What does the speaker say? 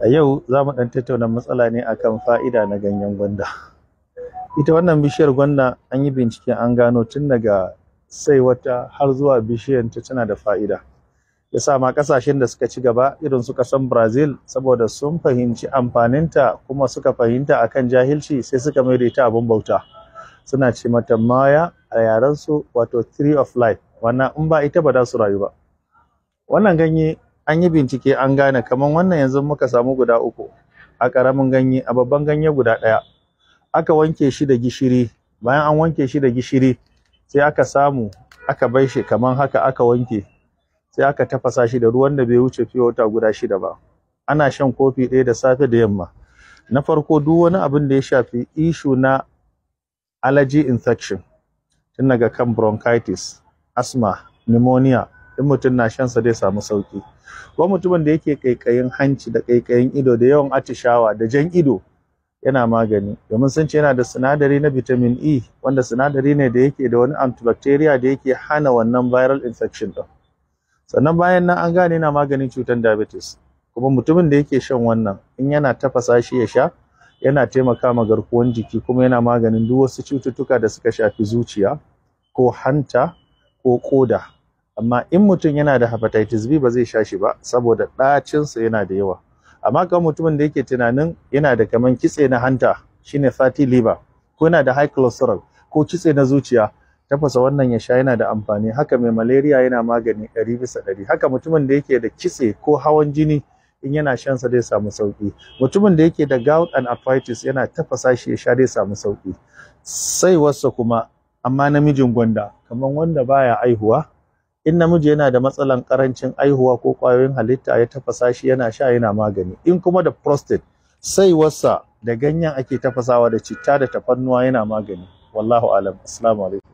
a yau za mu ɗan tattauna matsala ne akan fa'ida na ganyen gwanda ita wannan bishiyar gwanda an yi bincike an gano tun daga sai wata har zuwa bishiyar ta tana da fa'ida ya sa ma ƙasashen da suka ci gaba irin su kasan brazil saboda sun fahimci amfaninta kuma suka fahimta akan jahilci sai suka mai da ita abin bauta suna ce mata maya a yarensu wato tree of life wannan in ba ita ba za su rayu ba wannan ganye an yi bincike an gane kamar wannan yanzu muka samu guda uku a ƙaramin ganye a babban ganye guda ɗaya aka wanke shi da gishiri bayan an wanke shi da gishiri sai aka samu aka bai shi kamar haka aka wanke sai aka tafasa shi da ruwan da bai wuce fiye wata guda shida ba ana shan kofi ɗaya da safe da yamma na farko duk wani abin da ya shafi ishu na allergy infection tun daga kan bronchitis asthma pneumonia in mutum na shan sa zai samu sauki ko mutumin da yake kaikayin hanci da kaikayin ido da yawan atishawa da jan ido yana magani domin sun ce yana da sinadari na vitamin E wanda sinadari ne da yake da wani antibacteria da yake hana wannan viral infection din sannan bayan nan an gane yana maganin cutar diabetes kuma mutumin da yake shan wannan in yana tafasa shi ya sha yana taimaka ma garkuwan jiki kuma yana maganin duk wasu cututtuka da suka shafi zuciya ko hanta ko koda amma in mutum yana da hepatitis B ba zai sha shi ba saboda ɗacinsa yana da yawa amma kan mutumin da yake tunanin yana da kaman kitse na hanta shine fatty liver ko yana da high cholesterol ko kitse na zuciya tafasa wannan ya sha yana da amfani haka mai malaria yana magani ɗari bisa ɗari haka mutumin da yake da kitse ko hawan jini in yana shan sa zai samu sauki mutumin da yake da gout and arthritis yana tafasa shi ya sha zai samu sauki sai wasu kuma amma namijin gwanda kaman wanda baya aihuwa in namiji yana da matsalan karancin aihuwa ko kwayoyin halitta ya tafasa shi yana sha yana magani in kuma da prostate sai wasa da ganyen ake tafasawa da citta da tafannuwa yana magani wallahu alam assalamu alaikum